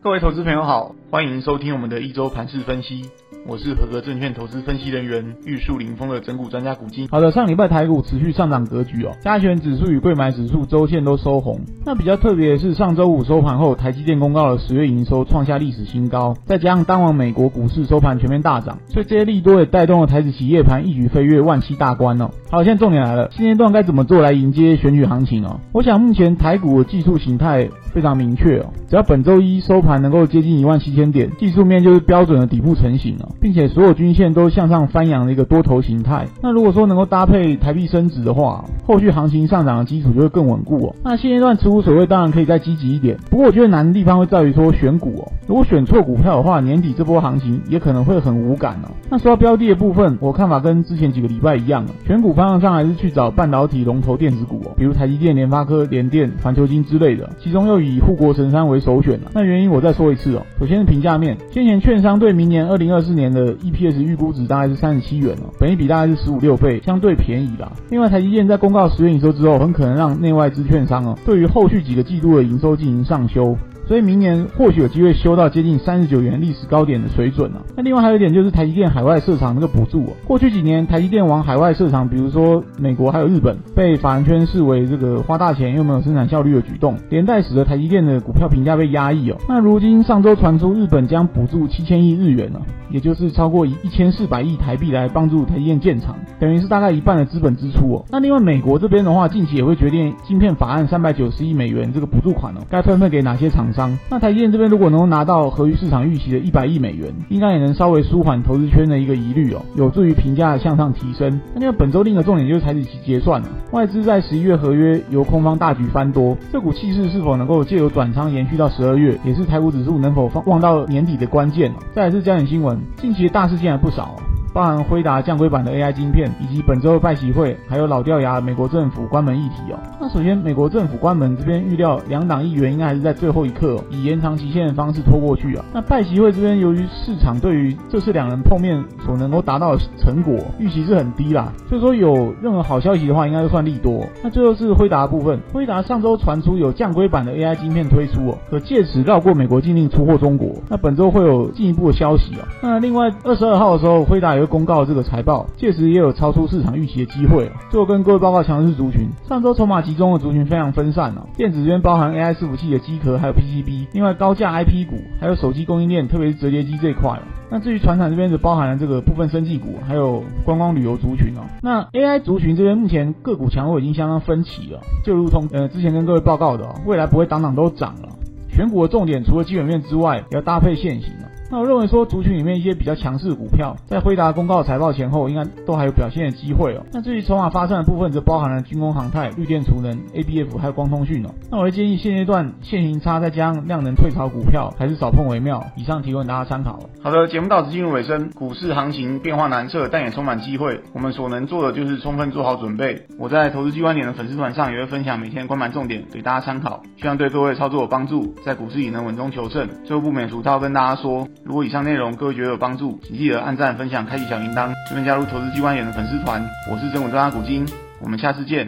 各位投資朋友好，歡迎收聽我們的一周盤勢分析。我是合格證券投資分析人員，玉樹臨風的拯股專家股晶。好的，上禮拜台股持續上漲格局哦，加權指數與櫃買指數周線都收紅。那比較特別的是，上周五收盤後，台積電公告了十月營收創下歷史新高，再加上當晚美國股市收盤全面大漲，所以這些利多也帶動了台指期夜盤一舉飛越萬七大關哦。好，現在重點來了，現階段該怎麼做來迎接選舉行情哦？我想目前台股的技術型態非常明確哦，只要本周一收盤能夠接近一萬七千點，技術面就是標準的底部成型了哦。並且所有均線都向上翻揚的一個多頭形態。那如果說能夠搭配台幣升值的話，後續行情上漲的基礎就會更穩固哦。那現階段持股水位，當然可以再積極一點。不過我覺得難的地方會在於說選股哦。如果選錯股票的話，年底這波行情也可能會很無感哦。那說到標的的部分，我看法跟之前幾個禮拜一樣，選股方向上還是去找半導體龍頭電子股哦，比如台積電、聯發科、聯電、環球晶之類的。其中又以護國神山為首選了。那原因我再說一次哦，首先是評價面，先前券商對明年二零二四年的 EPS 預估值大概是三十七元哦，本益比大概是十五六倍，相對便宜啦。另外台積電在公告。到十月營收之後，很可能讓內外資券商哦、喔，對於後續幾個季度的營收進行上修。所以明年或許有機會修到接近三十九元歷史高點的水準啊，那另外還有一點就是台積電海外設廠那個補助哦、啊。過去幾年，台積電往海外設廠，比如說美國還有日本，被法人圈視為這個花大錢又沒有生產效率的舉動，連帶使得台積電的股票評價被壓抑哦。那如今上周傳出日本將補助七千億日元了、啊，也就是超過一千四百億台幣來幫助台積電建廠，等於是大概一半的資本支出哦。那另外美國這邊的話，近期也會決定晶片法案三百九十億美元這個補助款哦，該分配給哪些廠商？那台積電這邊如果能夠拿到合於市場預期的一百億美元，應該也能稍微舒緩投資圈的一個疑慮哦，有助於評價向上提升。那本週另一個重點就是台指期結算了，外資在十一月合約由空方大舉翻多，這股氣勢是否能夠借由轉倉延續到十二月，也是台股指數能否放望到年底的關鍵。再來是焦點新聞，近期的大事件還不少哦。包含輝達降規版的 AI 晶片，以及本周的拜習會，還有老掉牙美國政府關門議題哦。那首先美國政府關門這邊預料，兩黨議員應該還是在最後一刻、哦、以延長期限的方式拖過去啊。那拜習會這邊，由於市場對於這次兩人碰面所能夠達到的成果預期是很低啦，所以說有任何好消息的話，應該都算利多、哦。那最後是輝達部分，輝達上周傳出有降規版的 AI 晶片推出哦，可借此繞過美國禁令出貨中國。那本周會有進一步的消息哦。那另外二十二號的時候，輝達有。公告這個財報，屆時也有超出市場預期的機會、啊、最後跟各位報告的強勢是族群，上周籌碼集中的族群非常分散哦、啊。電子這邊包含 AI 伺服器的機殼，還有 PCB，另外高價 IP 股，還有手機供應鏈，特別是折疊機這一塊、啊。那至於傳產這邊，就包含了這個部分生技股，還有觀光旅遊族群哦、啊。那 AI 族群這邊目前個股強弱已經相當分歧了，就如同呃之前跟各位報告的哦、啊，未來不會檔檔都漲了，選股的重點除了基本面之外，也要搭配線型了、啊。那我認為說，族群裡面一些比較強勢的股票，在輝達公告財報前後，應該都還有表現的機會哦。那至於籌碼發散的部分，則包含了軍工、航太、綠電、儲能、ABF，還有光通訊哦。那我會建議現階段線型差，再加上量能退潮股票，還是少碰為妙。以上提供大家參考。好,好的，節目到此進入尾聲，股市行情變化難測，但也充滿機會。我們所能做的就是充分做好準備。我在投資 G 觀點的粉絲團上，也會分享每天的關盤重點給大家參考，希望對各位操作有幫助，在股市裡能穩中求勝。最後不免俗，要跟大家說。如果以上內容各位覺得有幫助，請記得按贊、分享、開啟小鈴鐺，順便加入投資 Ｇ 觀點的粉絲團。我是拯股專家股晶，我們下次見。